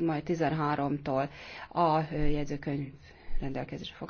majd 13-tól a jegyzőkönyv rendelkezésre fog.